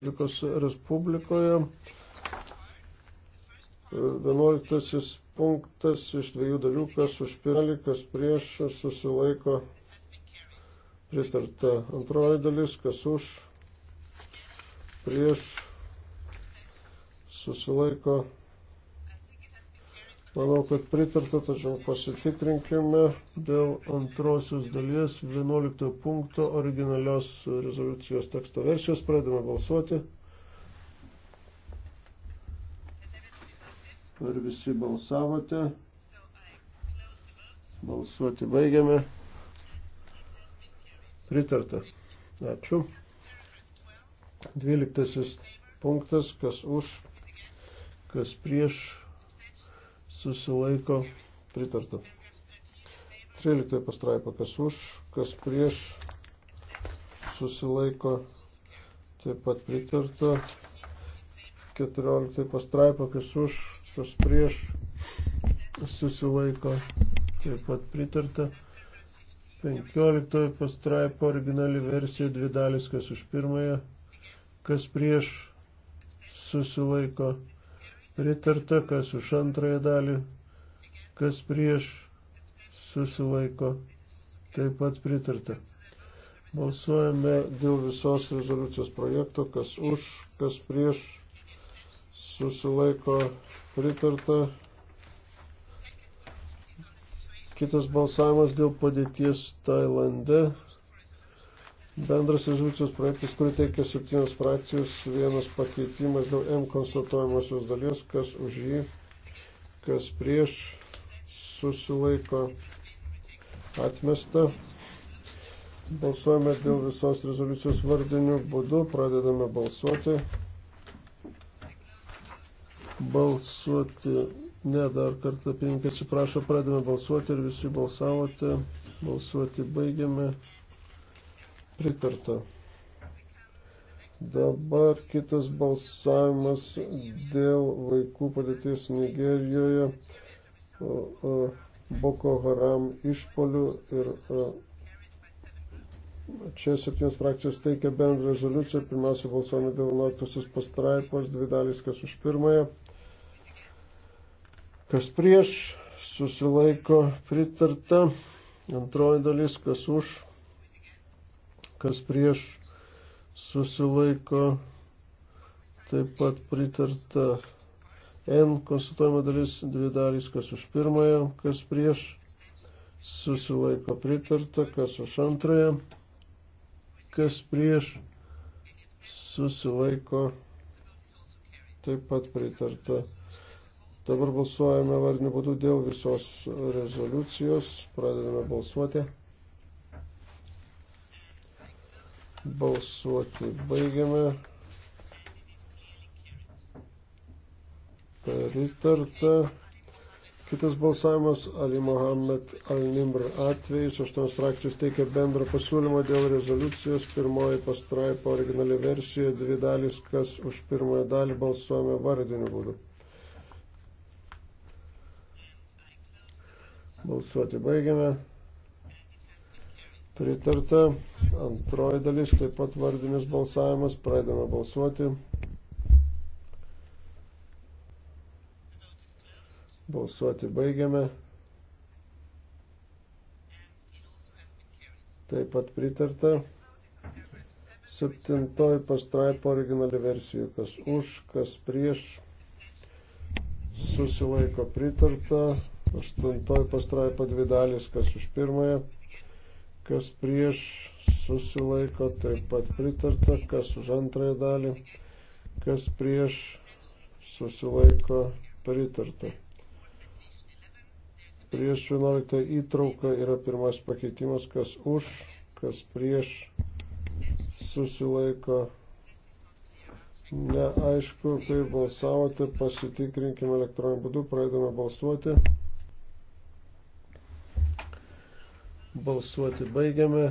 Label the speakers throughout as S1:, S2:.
S1: Amerikos Respublikoje. 11 punktas iš dviejų dalių, kas už pirmalį, kas prieš, susilaiko pritarta. Antroji dalis, kas už, prieš, susilaiko pritarta. Manau, kad pritarta, tačiau pasitikrinkime dėl antrosios dalies 11 punkto originalios rezoliucijos teksto versijos. Pradame balsuoti. Ar visi balsavote? Balsuoti baigiame. Pritarta. Ačiū. 12 punktas, kas už, kas prieš susilaiko pritarta. 13 pastraipa, kas už, kas prieš susilaiko taip pat pritarta. 14 pastraipa, kas už, kas prieš susilaiko taip pat pritarta. 15 pastraipo originali versija dvi dalis, kas už pirmąją, kas prieš susilaiko pritarta, kas už antrąją dalį, kas prieš susilaiko, taip pat pritarta. Balsuojame dėl visos rezoliucijos projekto, kas už, kas prieš susilaiko pritarta. Kitas balsavimas dėl padėties Tailande. Bendras rezoliucijos projektas, kurį teikia septynios frakcijos, vienas pakeitimas dėl M konstatuojamosios dalies, kas už jį, kas prieš, susilaiko atmesta. Balsuojame dėl visos rezoliucijos vardinių būdų, pradedame balsuoti. Balsuoti, ne, dar kartą pininkas atsiprašo, pradedame balsuoti ir visi balsavote. Balsuoti baigiame pritarta. Dabar kitas balsavimas dėl vaikų padėties Nigerijoje, Boko Haram išpolių ir čia septynios frakcijos teikia bendrą rezoliuciją. Pirmiausia, balsuojame dėl 11 pastraipos, dvi dalys, kas už pirmąją, kas prieš, susilaiko pritarta, antroji dalis, kas už kas prieš susilaiko taip pat pritarta N konstatuojama dalis dvi dalys, kas už pirmąją, kas prieš susilaiko pritarta, kas už antrąją, kas prieš susilaiko taip pat pritarta. Dabar balsuojame varniu būdu dėl visos rezoliucijos. Pradedame balsuoti. Balsuoti baigiame. Pritarta. Kitas balsavimas Ali Mohamed Al-Nimr atvejais. Aštuonis frakcijos teikia bendrą pasiūlymą dėl rezoliucijos. Pirmoji pastraipa originali versija. Dvi dalys, kas už pirmąją dalį balsuojame vardiniu būdu. Balsuoti baigiame. Pritarta. Antroji dalis, taip pat vardinis balsavimas. Pradedame balsuoti. Balsuoti baigiame. Taip pat pritarta. Septintoji pastraipo originali versijų. Kas už, kas prieš. Susilaiko pritarta. Aštuntoji pastraipo dvi dalis. Kas už pirmąją kas prieš susilaiko, taip pat pritarta, kas už antrąją dalį, kas prieš susilaiko, pritarta. Prieš 11 įtrauką yra pirmas pakeitimas, kas už, kas prieš susilaiko. Neaišku, kai balsavote, pasitikrinkime elektroniniu būdu, pradedame balsuoti. Balsuoti baigiame.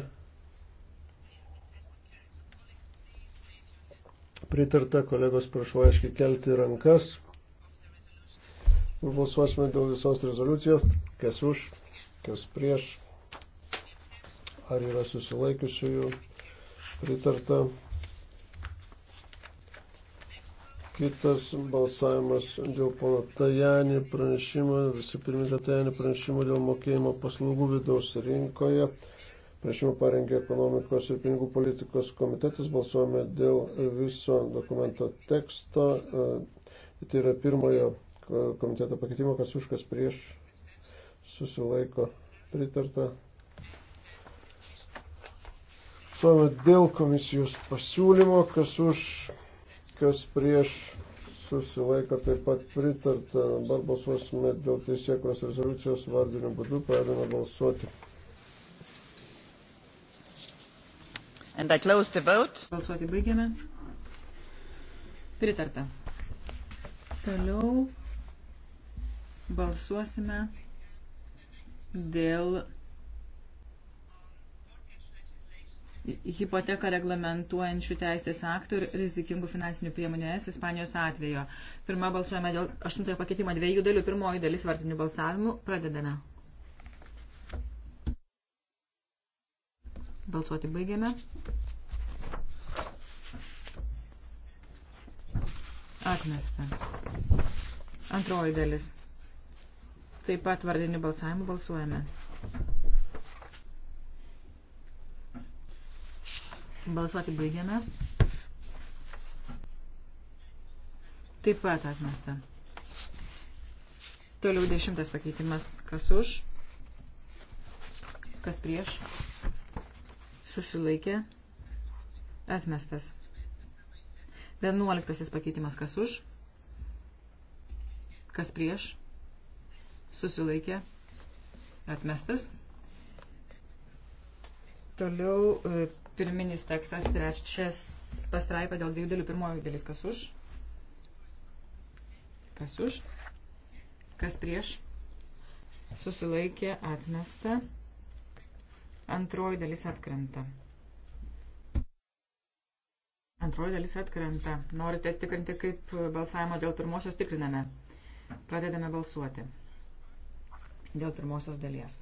S1: Pritarta, kolegos, prašau aiškiai kelti rankas. Balsuosime dėl visos rezoliucijos. Kas už, kas prieš. Ar yra susilaikiusiųjų? Pritarta. Kitas balsavimas dėl pono Tajani pranešimo, visi pirmininkai Tajani pranešimo dėl mokėjimo paslaugų vidaus rinkoje. Pranešimą parengė ekonomikos ir pinigų politikos komitetas, balsuojame dėl viso dokumento teksto. E, tai yra pirmojo komiteto pakeitimo, kas užkas prieš susilaiko pritarta. Suome dėl komisijos pasiūlymo, kas už kas prieš susilaiko taip pat pritarta. Dabar balsuosime dėl teisėkos rezoliucijos vardinių būdų, pradedame balsuoti.
S2: And I close the vote. Balsuoti baigiame. Pritarta. Toliau balsuosime dėl hipoteką reglamentuojančių teisės aktų ir rizikingų finansinių priemonės Ispanijos atvejo. Pirma balsuojame dėl aštuntojo pakeitimo dviejų dalių. Pirmoji dalis vartinių balsavimų. Pradedame. Balsuoti baigiame. Atmesta. Antroji dalis. Taip pat vardinių balsavimų balsuojame. Balsuoti baigiame. Taip pat atmesta. Toliau dešimtas pakeitimas. Kas už? Kas prieš? Susilaikė. Atmestas. Vienuoliktasis pakeitimas. Kas už? Kas prieš? Susilaikė. Atmestas. Toliau e, pirminis tekstas, trečias pastraipa dėl dviejų dalių. Pirmoji dalis kas už? Kas už? Kas prieš? Susilaikė, atmesta. Antroji dalis atkrenta. Antroji dalis atkrenta. Norite tikrinti, kaip balsavimo dėl pirmosios tikriname. Pradedame balsuoti. Dėl pirmosios dalies.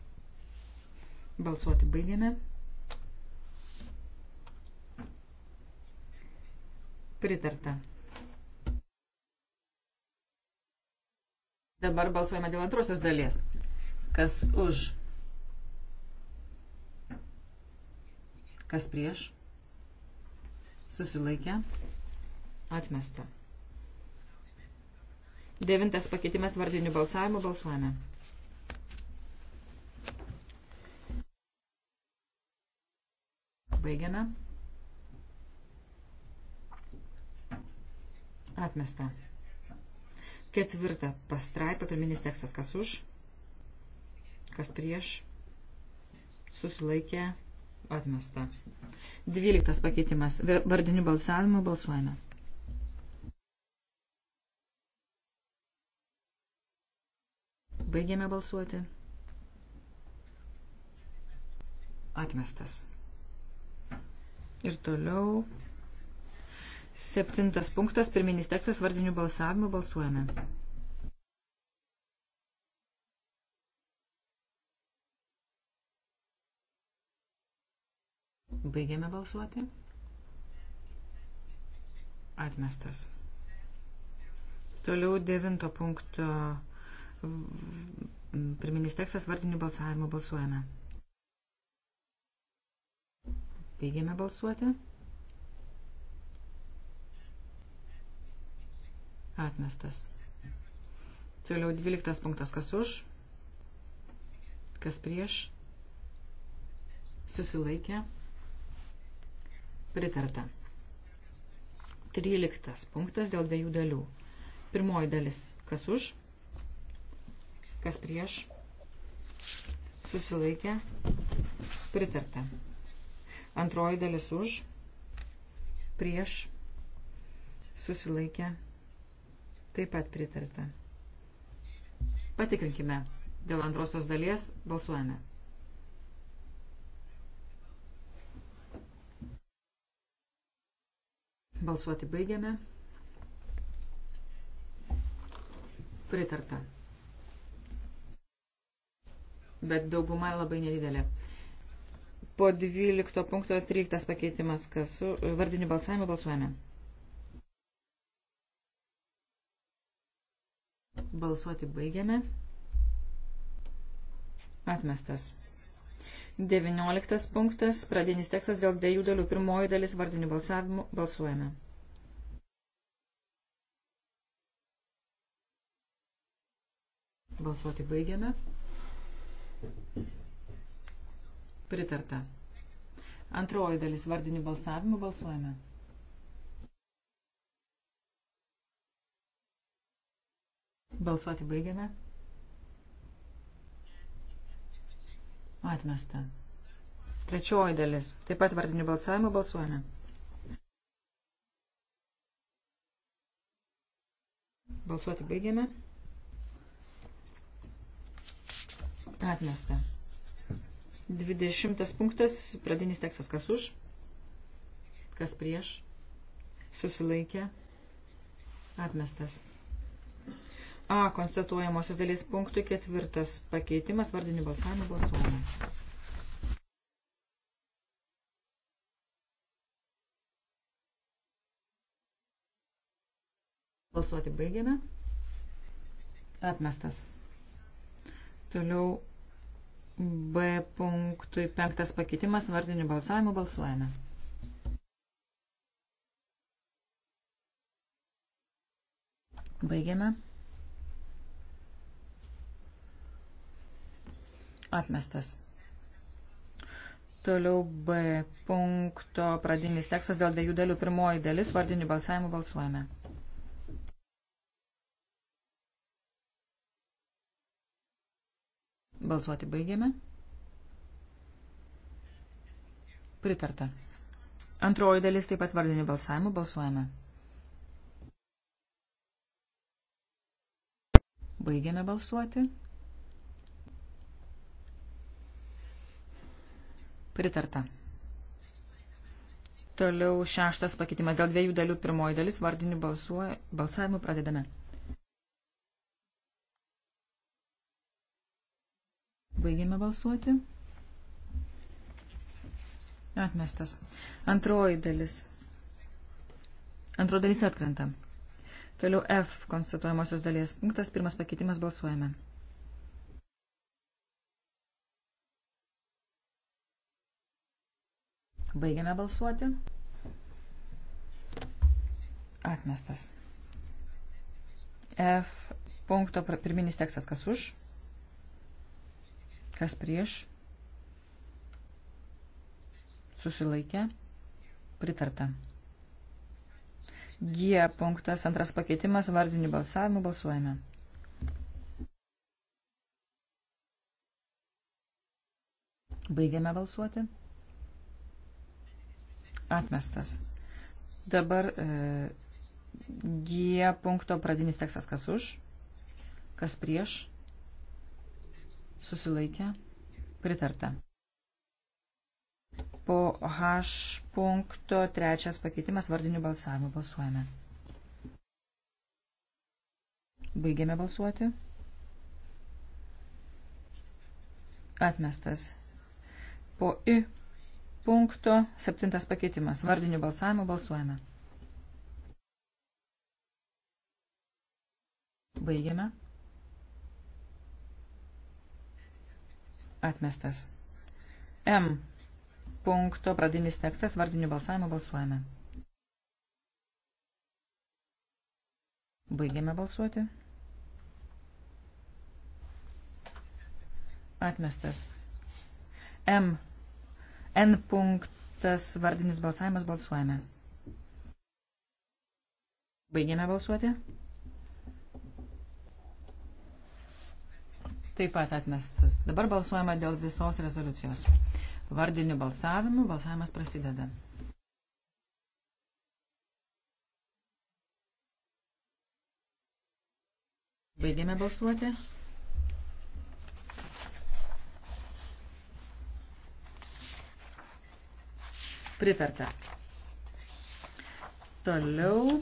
S2: Balsuoti baigėme. Pritarta. Dabar balsuojame dėl antrosios dalies. Kas už? Kas prieš? Susilaikė. Atmesta. Devintas pakeitimas vardinių balsavimų. Balsuojame. Baigiame. Atmesta. Ketvirta pastraipa, pirminis tekstas, kas už, kas prieš, susilaikė, atmesta. Dvyliktas pakeitimas, vardinių balsavimų balsuojame. Baigėme balsuoti. Atmestas. Ir toliau Septintas punktas, pirminis tekstas vardinių balsavimų. Balsuojame. Baigiame balsuoti. Atmestas. Toliau devinto punkto pirminis tekstas vardinių balsavimų. Balsuojame. Baigiame balsuoti. Atmestas. Toliau 12 punktas. Kas už? Kas prieš? Susilaikė. Pritarta. 13 punktas dėl dviejų dalių. Pirmoji dalis. Kas už? Kas prieš? Susilaikė. Pritarta. Antroji dalis už. Prieš. Susilaikė. Taip pat pritarta. Patikrinkime. Dėl antrosios dalies balsuojame. Balsuoti baigiame. Pritarta. Bet dauguma labai nedidelė. Po 12 punkto 13 pakeitimas, kas su vardiniu balsavimu balsuojame. Balsuoti baigiame. Atmestas. 19 punktas. Pradinis tekstas dėl dviejų dalių. Pirmoji dalis vardinių balsavimų. Balsuojame. Balsuoti baigiame. Pritarta. Antroji dalis vardinių balsavimų. Balsuojame. Balsuoti baigiame. Atmesta. Trečioji dalis. Taip pat vardinių balsavimų balsuojame. Balsuoti baigiame. Atmesta. 20 punktas, pradinis tekstas, kas už, kas prieš, susilaikė, atmestas. A konstatuojamosios dalies punktui ketvirtas pakeitimas vardinių balsavimų balsuojama. Balsuoti baigiame. Atmestas. Toliau B punktui penktas pakeitimas vardinių balsavimų balsuojame. Baigiame. Atmestas. Toliau B punkto pradinis tekstas dėl dviejų dalių. Pirmoji dalis vardinių balsavimų balsuojame. Balsuoti baigėme. Pritarta. Antroji dalis taip pat vardinių balsavimų balsuojame. Baigėme balsuoti. Pritarta. Toliau šeštas pakeitimas dėl dviejų dalių. Pirmoji dalis vardinių balsavimų pradedame. Baigėme balsuoti. Atmestas. Antroji dalis. Antro dalis atkrenta. Toliau F konstatuojamosios dalies punktas. Pirmas pakeitimas balsuojame. Baigiame balsuoti. Atmestas. F punkto pirminis tekstas kas už, kas prieš, susilaikė, pritarta. G punktas antras pakeitimas vardinių balsavimų balsuojame. Baigiame balsuoti. Atmestas. Dabar e, G punkto pradinis tekstas kas už, kas prieš, susilaikė, pritarta. Po H punkto trečias pakeitimas vardinių balsavimų balsuojame. Baigiame balsuoti. Atmestas. Po I punkto septintas pakeitimas. Vardinių balsavimų balsuojame. Baigiame. Atmestas. M. Punkto pradinis tekstas vardinių balsavimų balsuojame. Baigiame balsuoti. Atmestas. M N punktas vardinis balsavimas balsuojame. Baigėme balsuoti. Taip pat atmestas. Dabar balsuojama dėl visos rezoliucijos. Vardiniu balsavimu balsavimas prasideda. Baigėme balsuoti. pritarta. Toliau.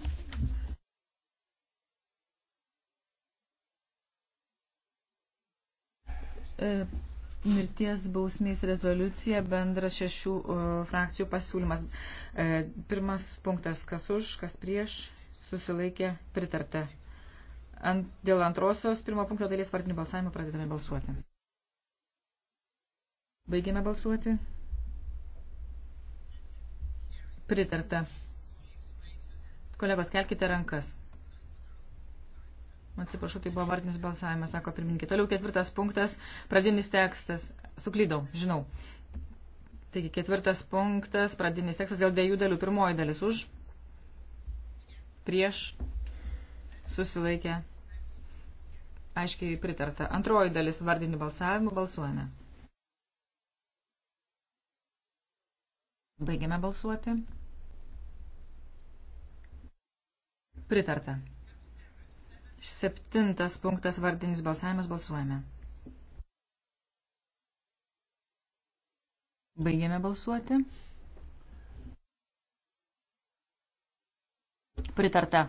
S2: E, mirties bausmės rezoliucija bendras šešių e, frakcijų pasiūlymas. E, pirmas punktas, kas už, kas prieš, susilaikė pritarta. Ant, dėl antrosios pirmo punkto dalies vardinių balsavimų pradedame balsuoti. Baigėme balsuoti. Pritarta. Kolegos, kelkite rankas. Atsiprašau, tai buvo vardinis balsavimas, sako pirmininkė. Toliau ketvirtas punktas, pradinis tekstas. Suklydau, žinau. Taigi ketvirtas punktas, pradinis tekstas dėl dviejų dalių. Pirmoji dalis už, prieš, susilaikė, aiškiai pritarta. Antroji dalis vardinių balsavimų balsuojame. Baigiame balsuoti. Pritarta. Septintas punktas vardinis balsavimas balsuojame. Baigiame balsuoti. Pritarta.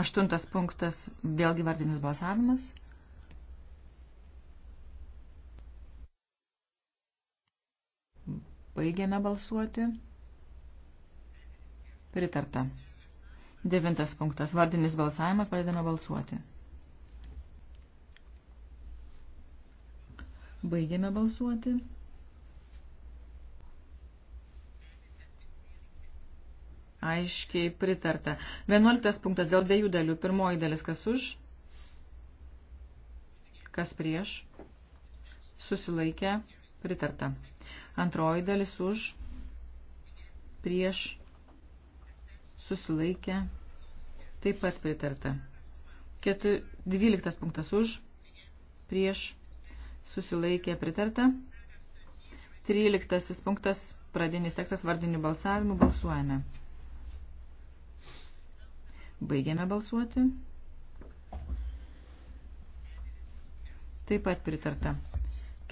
S2: Aštuntas punktas vėlgi vardinis balsavimas. Baigiame balsuoti. Pritarta. Devintas punktas. Vardinis balsavimas. Pradedame balsuoti. Baigiame balsuoti. Aiškiai pritarta. Vienuoliktas punktas dėl dviejų dalių. Pirmoji dalis kas už, kas prieš, susilaikę, pritarta. Antroji dalis už, prieš, susilaikę, taip pat pritarta. Ketu, 12 punktas už, prieš, susilaikė, pritarta. 13 punktas, pradinis tekstas vardinių balsavimų, balsuojame. Baigiame balsuoti. Taip pat pritarta.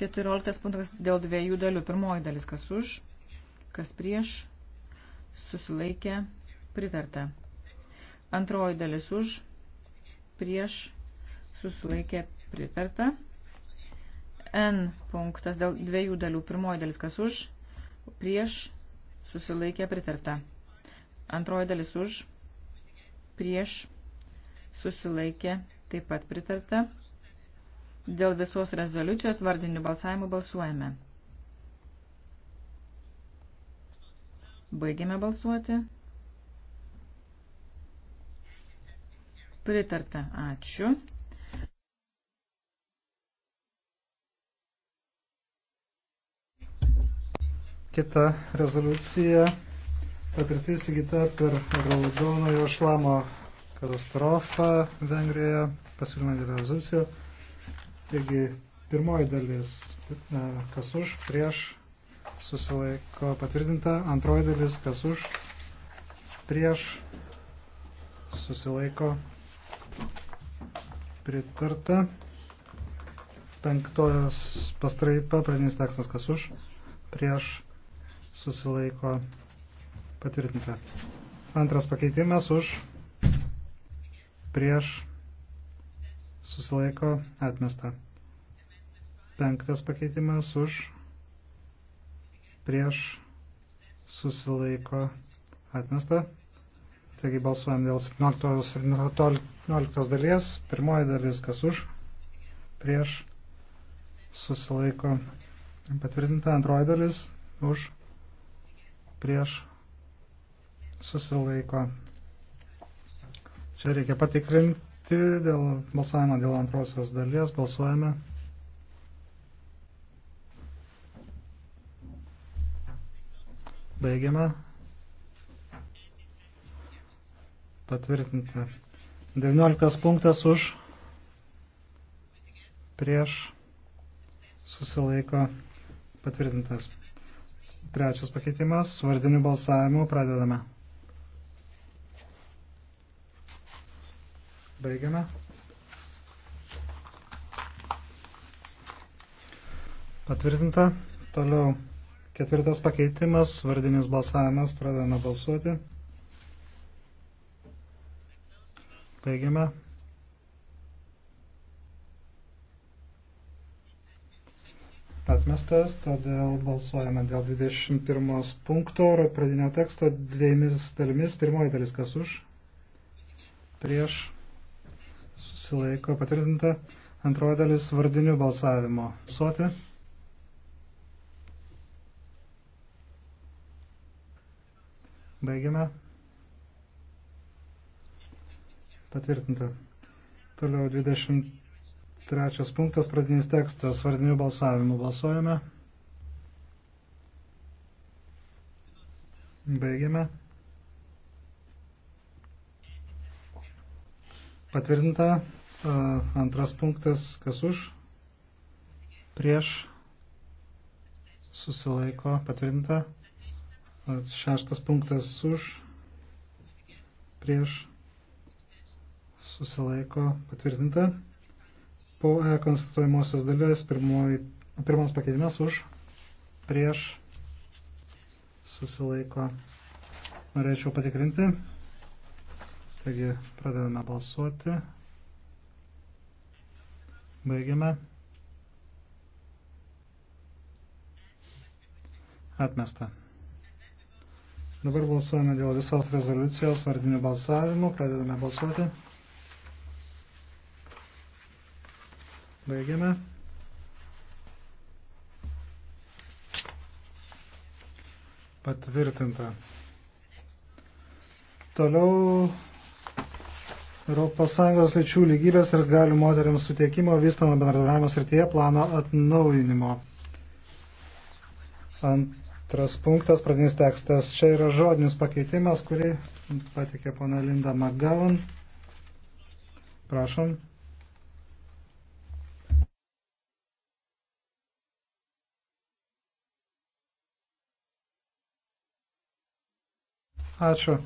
S2: 14 punktas dėl dviejų dalių. Pirmoji dalis kas už, kas prieš, susilaikė, pritarta. Antroji dalis už, prieš, susilaikė, pritarta. N punktas dėl dviejų dalių. Pirmoji dalis kas už, prieš, susilaikė, pritarta. Antroji dalis už, prieš, susilaikė, taip pat pritarta. Dėl visos rezoliucijos vardinių balsavimų balsuojame. Baigėme balsuoti. Pritarta. Ačiū.
S3: Kita rezoliucija patirtis įgyta per raudonojo šlamo katastrofą Vengrijoje, pasiūlymą dėl rezoliucijų. Taigi, pirmoji dalis, kas už, prieš, susilaiko patvirtinta. Antroji dalis, kas už, prieš, susilaiko pritarta. Penktojos pastraipa, pradinis tekstas, kas už, prieš, susilaiko patvirtinta. Antras pakeitimas už, prieš, susilaiko atmesta. Penktas pakeitimas už prieš susilaiko atmesta. Taigi balsuojam dėl 17 ir 19 dalies. Pirmoji dalis kas už prieš susilaiko patvirtinta. Antroji dalis už prieš susilaiko. Čia reikia patikrinti pateikti dėl balsavimo dėl antrosios dalies. Balsuojame. Baigiame. Patvirtinta. 19 punktas už. Prieš. Susilaiko. Patvirtintas. Trečias pakeitimas. Vardinių balsavimų pradedame. Baigiame. Patvirtinta. Toliau ketvirtas pakeitimas, vardinis balsavimas, pradedame balsuoti. Baigiame. Atmestas, todėl balsuojame dėl 21 punkto pradinio teksto dviejomis dalimis. Pirmoji dalis kas už, prieš susilaiko patvirtinta. Antroji dalis vardinių balsavimo. Suoti. Baigiame. Patvirtinta. Toliau 23 punktas, pradinis tekstas, vardinių balsavimų. Balsuojame. Baigiame. Patvirtinta. Antras punktas, kas už? Prieš. Susilaiko. Patvirtinta. Šeštas punktas už. Prieš. Susilaiko. Patvirtinta. Po E konstatuojamosios dalies pirmoji, pirmas pakeitimas už. Prieš. Susilaiko. Norėčiau patikrinti. Taigi pradedame balsuoti. Baigiame. Atmesta. Dabar balsuojame dėl visos rezoliucijos vardinių balsavimų. Pradedame balsuoti. Baigiame. Patvirtinta. Toliau ES lyčių lygybės ir galių moteriams suteikimo vystomo bendradarbiavimo srityje plano atnaujinimo. Antras punktas, pradinis tekstas. Čia yra žodinis pakeitimas, kurį patikė pana Linda McGowan. Prašom. Ačiū.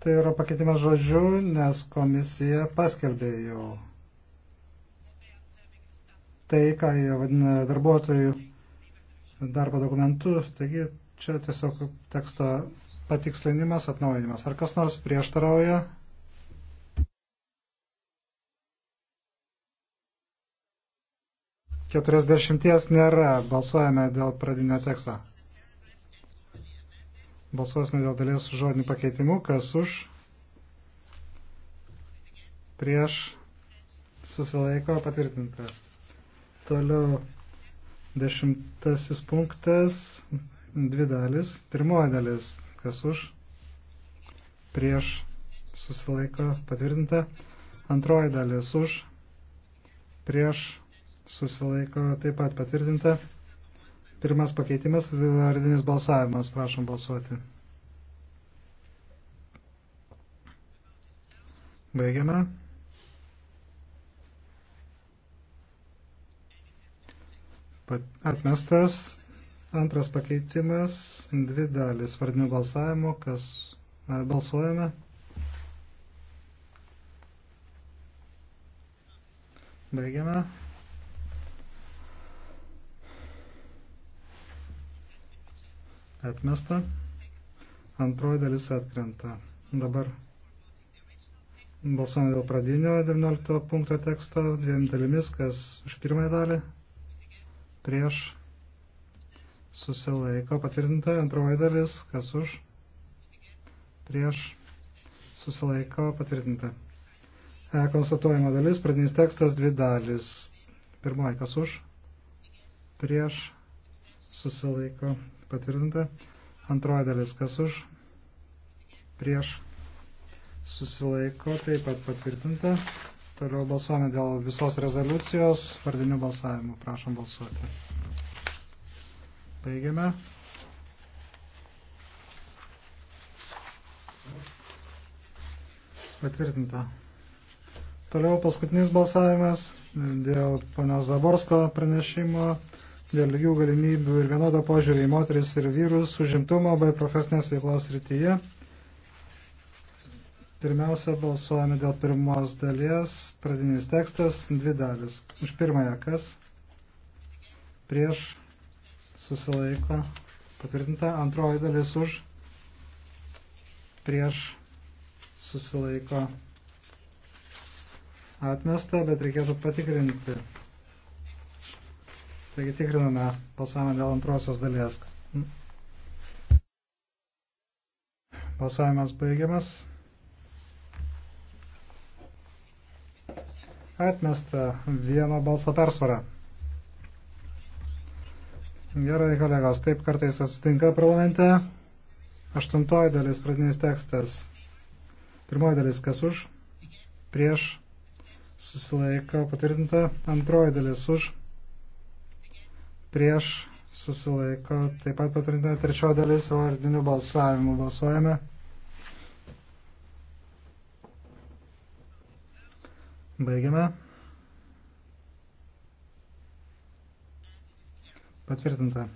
S3: Tai yra pakeitimas žodžiu, nes komisija paskelbė jau tai, ką jie vadina darbuotojų darbo dokumentu. Taigi čia tiesiog teksto patikslinimas, atnaujinimas. Ar kas nors prieštarauja? Keturiasdešimties nėra. Balsuojame dėl pradinio teksto. Balsuosime dėl dalies žodinių pakeitimų. Kas už? Prieš susilaiko patvirtinta. Toliau dešimtasis punktas. Dvi dalis. Pirmoji dalis. Kas už? Prieš susilaiko patvirtinta. Antroji dalis už. Prieš susilaiko taip pat patvirtinta. Pirmas pakeitimas, vardinis balsavimas, prašom balsuoti. Baigiame. Atmestas antras pakeitimas, dvi dalis vardinių balsavimo, kas balsuojame. Baigiame. atmesta, antroji dalis atkrenta. Dabar balsuojame dėl pradinio 19 punkto teksto dviem dalimis, kas už pirmąją dalį prieš susilaiko patvirtinta, antroji dalis, kas už prieš susilaiko patvirtinta. E konstatuojama dalis, pradinis tekstas dvi dalis. Pirmoji, kas už prieš susilaiko patvirtinta. Antroji dalis, kas už, prieš, susilaiko, taip pat patvirtinta. Toliau balsuojame dėl visos rezoliucijos, vardinių balsavimų. Prašom balsuoti. Baigiame. Patvirtinta. Toliau paskutinis balsavimas dėl ponios Zaborsko pranešimo dėl jų galimybių ir vienodo požiūrį į moteris ir vyrus užimtumo bei profesinės veiklos rytyje. Pirmiausia, balsuojame dėl pirmos dalies, pradinis tekstas, dvi dalis. Už pirmąją kas? Prieš susilaiko. Patvirtinta antroji dalis už. Prieš susilaiko. Atmesta, bet reikėtų patikrinti. Taigi tikriname balsavimą dėl antrosios dalies. Balsavimas baigiamas. Atmesta vieno balso persvara. Gerai, kolegos, taip kartais atsitinka parlamente. Aštuntoji dalis pradinis tekstas. Pirmoji dalis kas už, prieš, susilaiko patvirtinta. Antroji dalis už, prieš susilaiko. Taip pat patvirtinta trečioji dalis vardinių balsavimų. Balsuojame. Baigiame. Patvirtinta.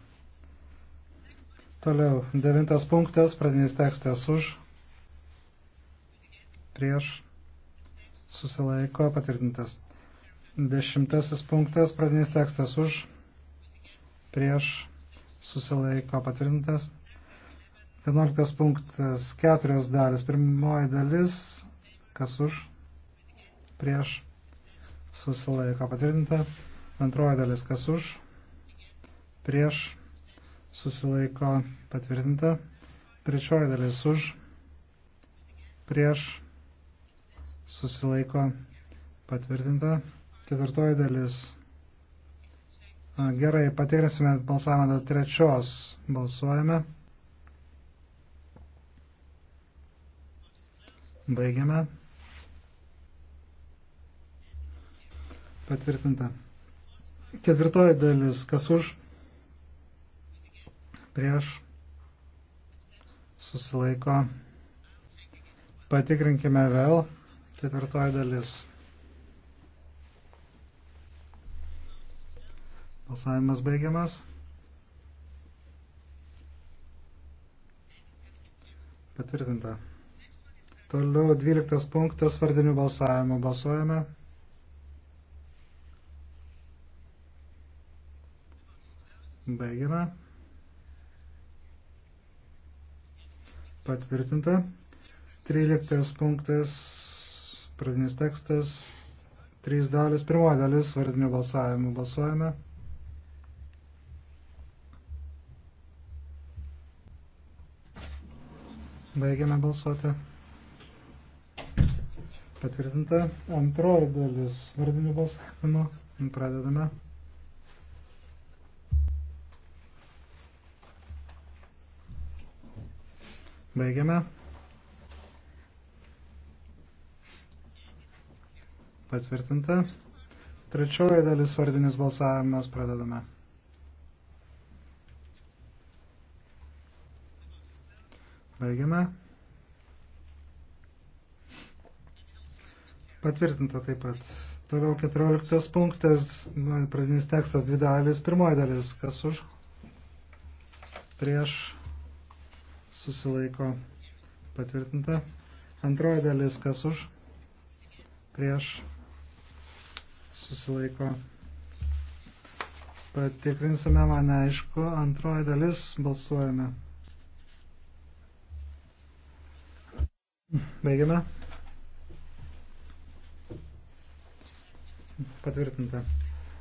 S3: Toliau, devintas punktas, pradinis tekstas už, prieš, susilaiko, patvirtintas. Dešimtasis punktas, pradinis tekstas už, prieš susilaiko patvirtintas. 11 punktas, keturios dalis. Pirmoji dalis, kas už, prieš susilaiko patvirtinta. Antroji dalis, kas už, prieš susilaiko patvirtinta. Trečioji dalis už, prieš susilaiko patvirtinta. Ketvirtoji dalis Gerai, patikrinsime balsavimą dėl trečios. Balsuojame. Baigiame. Patvirtinta. Ketvirtoji dalis. Kas už? Prieš. Susilaiko. Patikrinkime vėl. Ketvirtoji dalis. Balsavimas baigiamas. Patvirtinta. Toliau 12 punktas vardinių balsavimo. Balsuojame. Baigiame. Patvirtinta. 13 punktas, pradinis tekstas, 3 dalis, pirmoji dalis vardinių balsavimų. Balsuojame. Balsuojame. Baigiame balsuoti. Patvirtinta antroji dalis vardinių balsavimo. Pradedame. Baigiame. Patvirtinta. Trečioji dalis vardinis balsavimas. Pradedame. Baigiame. Patvirtinta taip pat. Toliau 14 punktas, pradinis tekstas dvi dalis, pirmoji dalis, kas už, prieš, susilaiko, patvirtinta. Antroji dalis, kas už, prieš, susilaiko, patikrinsime man aišku, antroji dalis, balsuojame. Baigiame. Patvirtinta.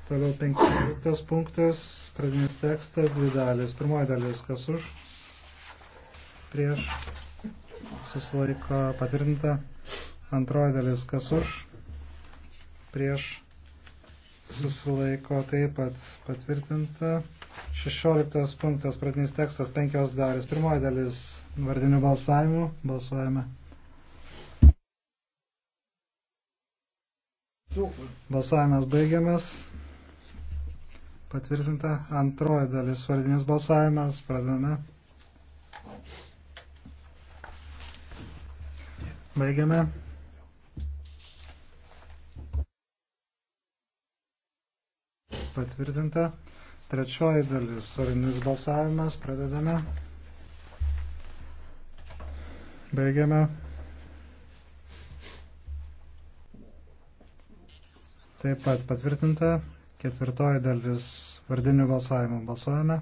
S3: Toliau 15 punktas, pradinis tekstas, dvi dalis. Pirmoji dalis, kas už, prieš, susilaiko patvirtinta. Antroji dalis, kas už, prieš, susilaiko taip pat patvirtinta. 16 punktas, pradinis tekstas, penkios dalis. Pirmoji dalis, vardinių balsavimų, balsuojame. Balsavimas baigiamas. Patvirtinta antroji dalis vardinis balsavimas. Pradame. Baigiame. Patvirtinta. Trečioji dalis vardinis balsavimas. Pradedame. Baigiame. Taip pat patvirtinta ketvirtoji dalis vardinių balsavimų. Balsuojame.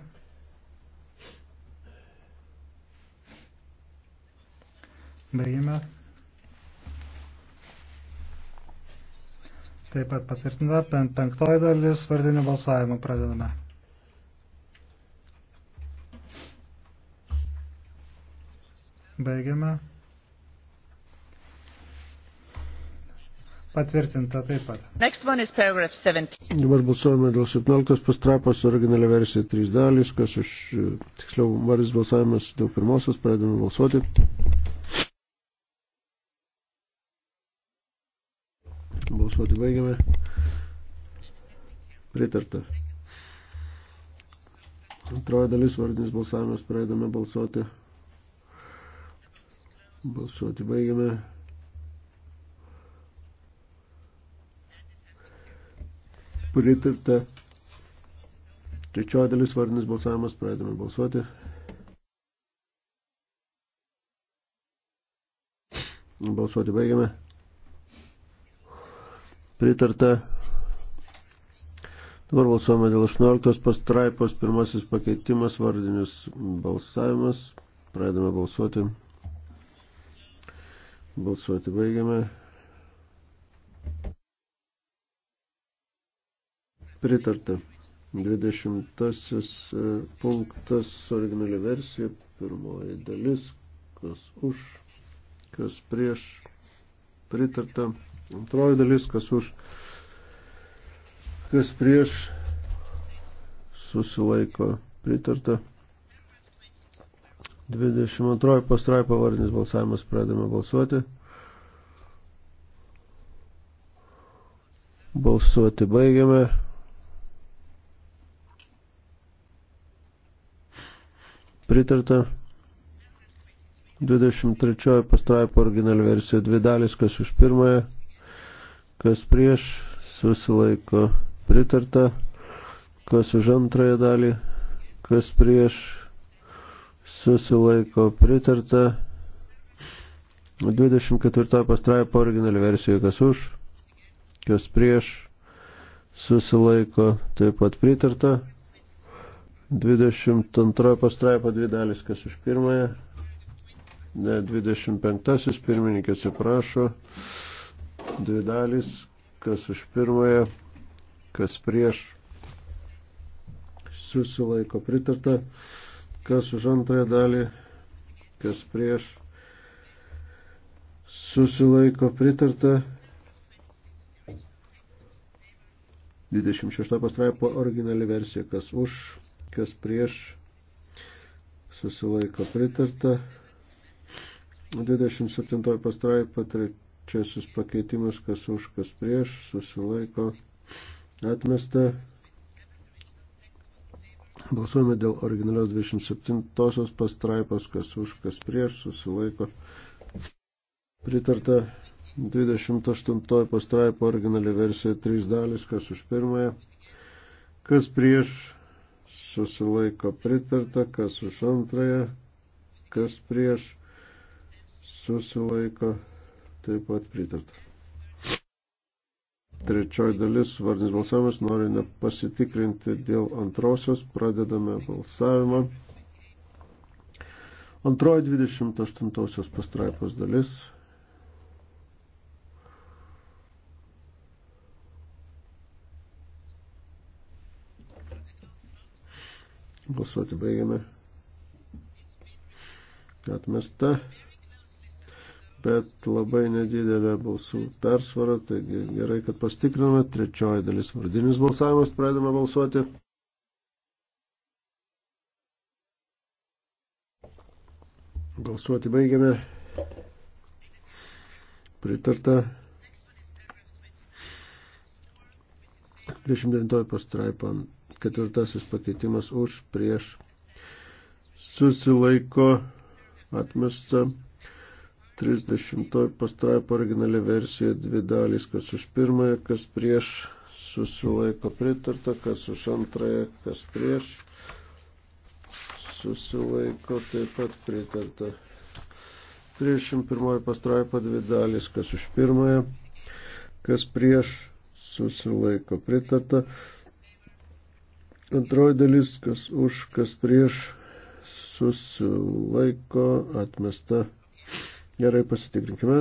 S3: Baigime. Taip pat patvirtinta penktoji dalis vardinių balsavimų. Pradedame. Baigiame. Patvirtinta taip pat.
S1: Dabar balsuojame dėl 17 pastrapos, originalią versiją 3 dalys, kas už, e, tiksliau, varis balsavimas dėl pirmosios, pradedame balsuoti. Balsuoti baigiame. Pritarta. Antroji dalis vardinis balsavimas, pradedame balsuoti. Balsuoti baigiame. pritarta. Trečioji dalis vardinis balsavimas, pradedame balsuoti. Balsuoti baigiame. Pritarta. Dabar balsuojame dėl 18 pastraipos, pirmasis pakeitimas, vardinis balsavimas. Pradedame balsuoti. Balsuoti baigiame. pritarta. 20 e, punktas originali versija, pirmoji dalis, kas už, kas prieš, pritarta, antroji dalis, kas už, kas prieš, susilaiko, pritarta. 22 pastraipa vardinis balsavimas pradame balsuoti. Balsuoti baigiame. Pritarta 23 pastraipo original versija dvi dalis, kas už pirmąją, kas prieš, susilaiko pritarta, kas už antrąją dalį, kas prieš, susilaiko pritarta. 24 pastraipo original versija, kas už, kas prieš, susilaiko taip pat pritarta. 22 pastraipa dvi dalis, kas už pirmąją. Ne, 25 pirmininkė atsiprašo. Dvi dalis, kas už pirmąją, kas prieš. Susilaiko pritarta. Kas už antrąją dalį, kas prieš. Susilaiko pritarta. 26 pastraipo originali versija, kas už kas prieš susilaiko pritarta. 27 pastraipa trečiasis pakeitimas, kas už, kas prieš susilaiko atmesta. Balsuojame dėl originalios 27 pastraipos, kas už, kas prieš susilaiko pritarta. 28 pastraipo originali versija 3 dalis, kas už pirmąją, kas prieš susilaiko pritarta, kas už antrąją, kas prieš, susilaiko taip pat pritarta. Trečioji dalis, vardinis balsavimas, norime pasitikrinti dėl antrosios, pradedame balsavimą. Antroji 28 pastraipos dalis, Balsuoti baigiame. Atmesta, bet labai nedidelė balsų persvara, taigi gerai, kad pastikriname. Trečioji dalis vardinis balsavimas, pradedame balsuoti. Balsuoti baigiame. Pritarta. 29 pastraipa Ketvirtasis pakeitimas už prieš susilaiko atmesta. 30 pastraipo originali versija dvi dalys, kas už pirmąją, kas prieš susilaiko pritarta, kas už antrąją, kas prieš susilaiko taip pat pritarta. 31 pastraipo dvi dalys, kas už pirmąją, kas prieš susilaiko pritarta. Antroji dalis, kas už, kas prieš, susilaiko, atmesta. Gerai pasitikrinkime,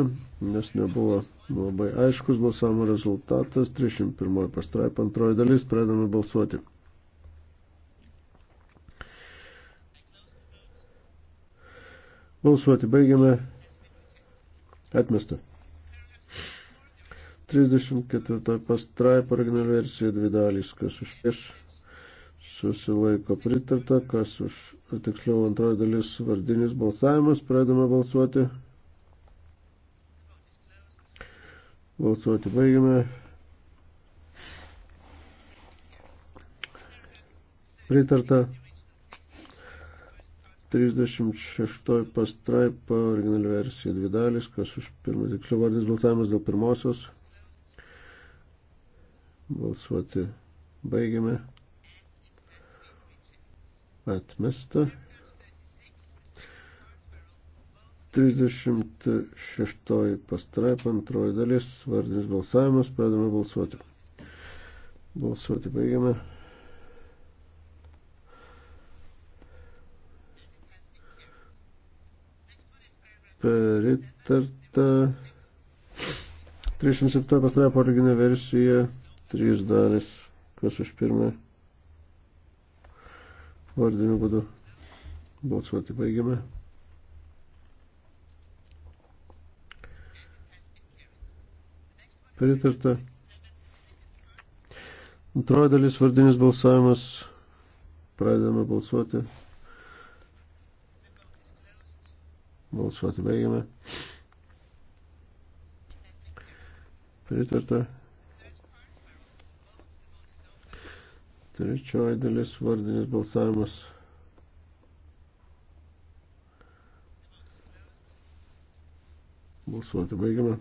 S1: nes nebuvo labai aiškus balsavimo rezultatas. 301 pastraipa antroji dalis, pradame balsuoti. Balsuoti baigiame. Atmesta. 34 pastraipa originali versija dvi dalys, kas už prieš susilaiko pritarta, kas už, tiksliau antroji dalis vardinis balsavimas, pradame balsuoti. Balsuoti baigiame. Pritarta 36 pastraipa, originali versija dvi dalis, kas už pirmą tiksliau vardinis balsavimas dėl pirmosios. Balsuoti baigiame atmesta. 36 pastraipa antroji dalis, vardinis balsavimas, pradame balsuoti. Balsuoti baigiame. Pritarta 37 pastraipa originė versija, 3 dalis, kas už pirmąją vardiniu būdu. Balsuoti baigiame. Pritarta. Antroji dalis vardinis balsavimas. Pradedame balsuoti. Balsuoti baigiame. Pritarta. Trečioji dalis vardinis balsavimas. Balsuoti baigiame.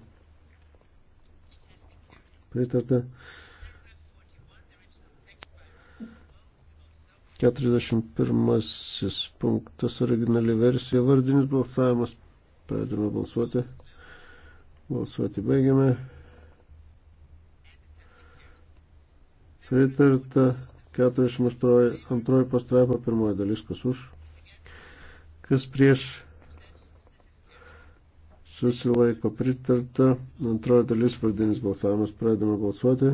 S1: Pritarta. 41 punktas originali versija vardinis balsavimas. Pradėjome balsuoti. Balsuoti baigiame. Pritarta 42 pastraipa pirmoji dalis, kas už, kas prieš susilaiko pritarta, antroji dalis pradinis balsavimas, pradedame balsuoti.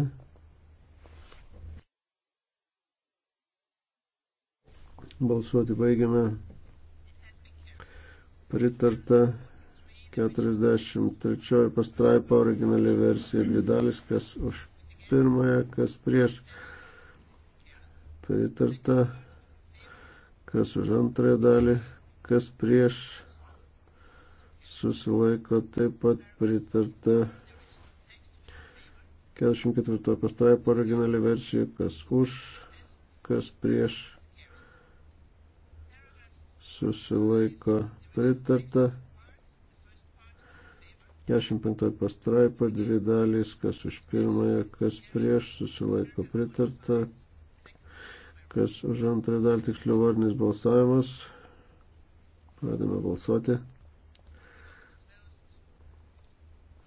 S1: Balsuoti baigiame. Pritarta 43 pastraipa originali versija dvi dalis, kas už pirmąją, kas prieš pritarta, kas už antrąją dalį, kas prieš susilaiko taip pat pritarta 44 pastraipo originali versija, kas už, kas prieš susilaiko pritarta 45 pastraipa, dvi dalys, kas už pirmąją, kas prieš susilaiko pritarta Kas už antrą dalį tiksliau vardinis balsavimas. Pradame balsuoti.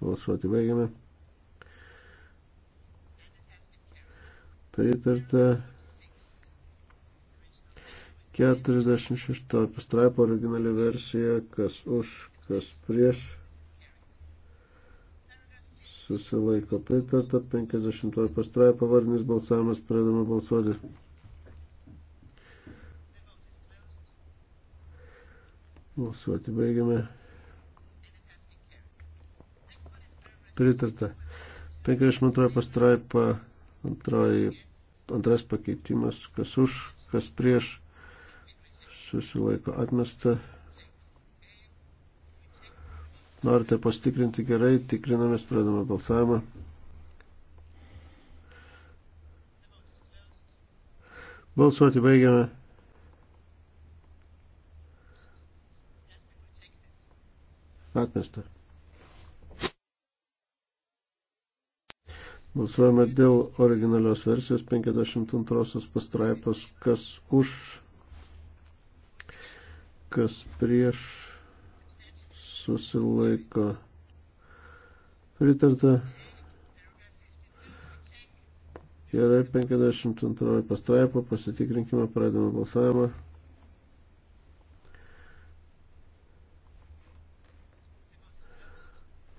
S1: Balsuoti baigiame. Pritarta 46 pastraipo originali versija, kas už, kas prieš. Susilaiko pritarta 50 pastraipo vardinis balsavimas, pradame balsuoti. Balsuoti baigiame. Pritarta. 52 pastraipa, antroji, antras pakeitimas, kas už, kas prieš, susilaiko atmesta. Norite pastikrinti gerai, tikrinamės, pradame balsavimą. Balsuoti baigiame. Atmesta. Balsuojame dėl originalios versijos 52 pastraipos, kas už, kas prieš susilaiko. Pritarta. Gerai, 52 pastraipą pasitikrinkime, pradėme balsavimą.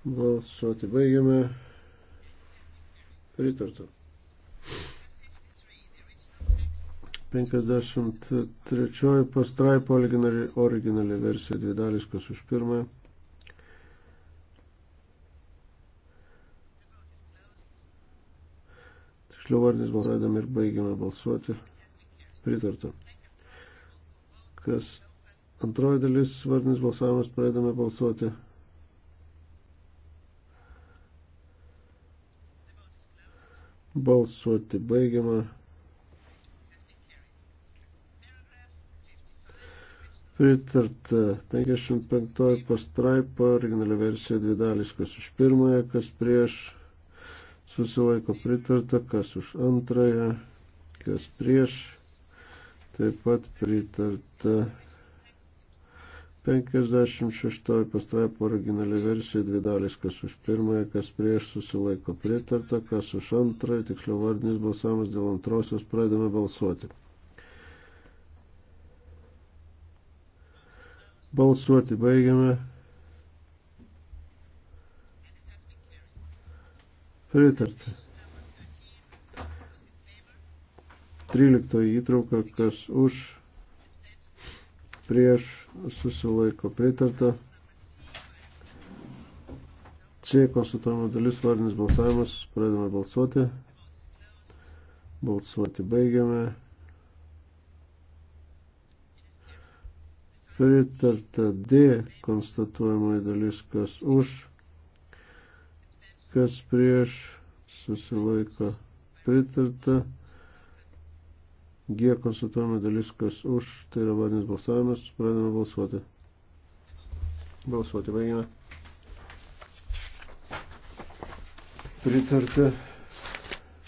S1: Balsuoti baigiame. Pritartu. 53 pastraipo originali, originali versija dvidališkas už pirmąją. Tiksliau vardys balsuodami ir baigiame balsuoti. Pritartu. Kas antroji dalis vardinis balsavimas pradedame balsuoti. Balsuoti baigiama. Pritarta 55 pastraipa, originali versija dvi dalys, kas už pirmąją, kas prieš, susilaiko pritarta, kas už antrąją, kas prieš, taip pat pritarta 56 pastraipo originali versija, dvi dalis, kas už pirmąją, kas prieš susilaiko pritarta, kas už antrąją, tiksliau vardinis balsavimas dėl antrosios, pradame balsuoti. Balsuoti baigiame. Pritarta. 13 įtrauka, kas už prieš susilaiko pritarta. C konsultuojama dalis vardinis balsavimas, pradedame balsuoti. Balsuoti baigiame. Pritarta D konstatuojama dalis, kas už, kas prieš susilaiko pritarta. G konsultuojama dalis, kas už, tai yra vadinis balsavimas, pradame balsuoti. Balsuoti baigime. Pritarta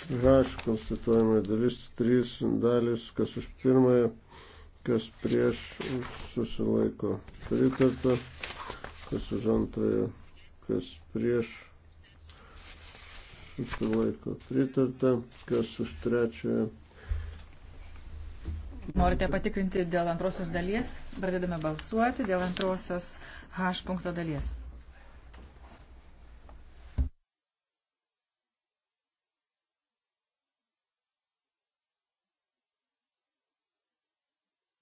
S1: H konstatuojama dalis, 3 dalis, kas už pirmąją, kas prieš susilaiko. Pritarta, kas už antrąją, kas prieš susilaiko. Pritarta, kas už trečiąją
S2: Norite patikrinti dėl antrosios dalies? Pradedame balsuoti dėl antrosios H punkto dalies.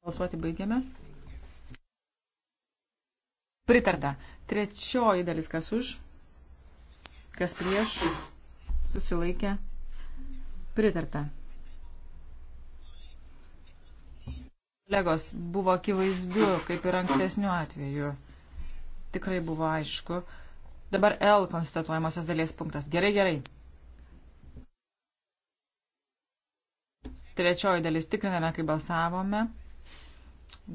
S2: Balsuoti baigiame. Pritarta. Trečioji dalis kas už, kas prieš, susilaikė. Pritarta. Kolegos, buvo akivaizdu, kaip ir ankstesniu atveju. Tikrai buvo aišku. Dabar L konstatuojamosios dalies punktas. Gerai, gerai. Trečioji dalis tikriname, kai balsavome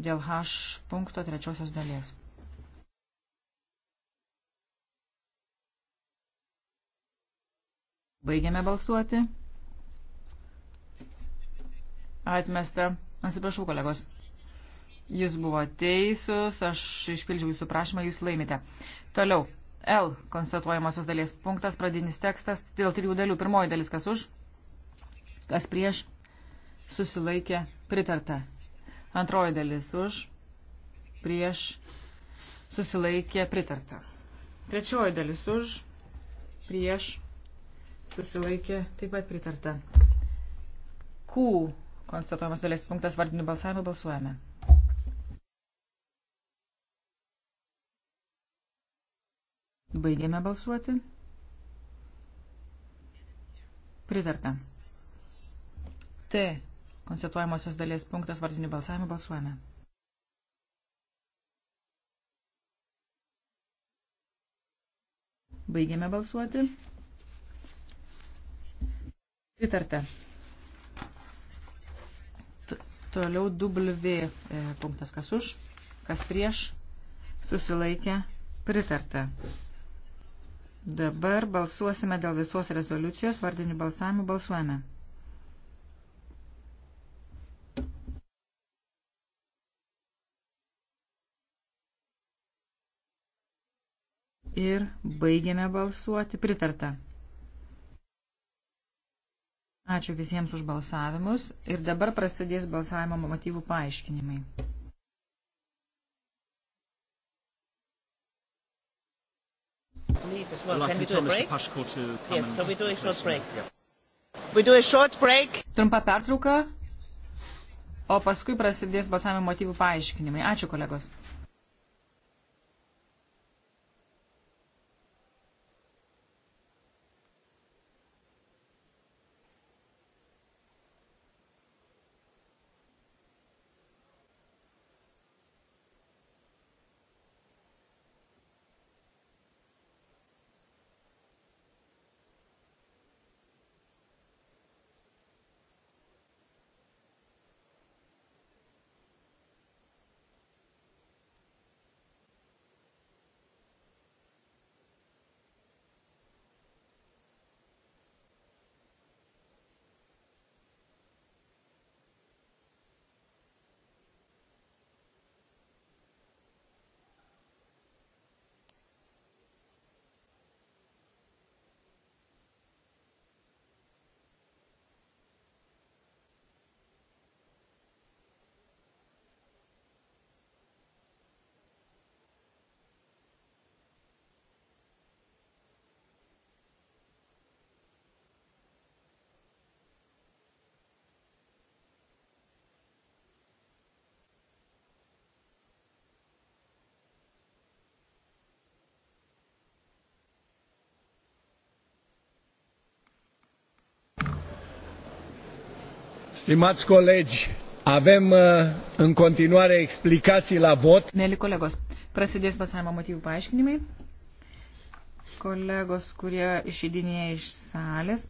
S2: dėl H punkto trečiosios dalies. Baigiame balsuoti. Atmesta. Atsiprašau, kolegos. Jūs buvo teisus, aš išpildžiau jūsų prašymą, jūs laimite. Toliau. L konstatuojamosios dalies punktas, pradinis tekstas, dėl trijų dalių. Pirmoji dalis, kas už, kas prieš, susilaikė, pritarta. Antroji dalis už, prieš, susilaikė, pritarta. Trečioji dalis už, prieš, susilaikė, taip pat pritarta. Q Konstatuojamas dalies punktas vardinių balsavimų balsuojame. Baigėme balsuoti. Pritarta. T. Konstatuojamosios dalies punktas vardinių balsavimų balsuojame. Baigėme balsuoti. Pritarta. Toliau W e, punktas kas už, kas prieš, susilaikė, pritarta. Dabar balsuosime dėl visos rezoliucijos, vardinių balsavimų balsuojame. Ir baigiame balsuoti, pritarta. Ačiū visiems už balsavimus ir dabar prasidės balsavimo motyvų paaiškinimai. leave as well. Can we do a break? Yes, so we do a short break. We do a short break. Trumpa pertrauka, o paskui prasidės balsavimo motyvų paaiškinimai. Ačiū, kolegos. Stimați colegi, avem uh, în continuare explicații la vot. Mėly kolegos, prasidės balsavimo motyvų paaiškinimai. Kolegos, kurie išeidinėja iš salės,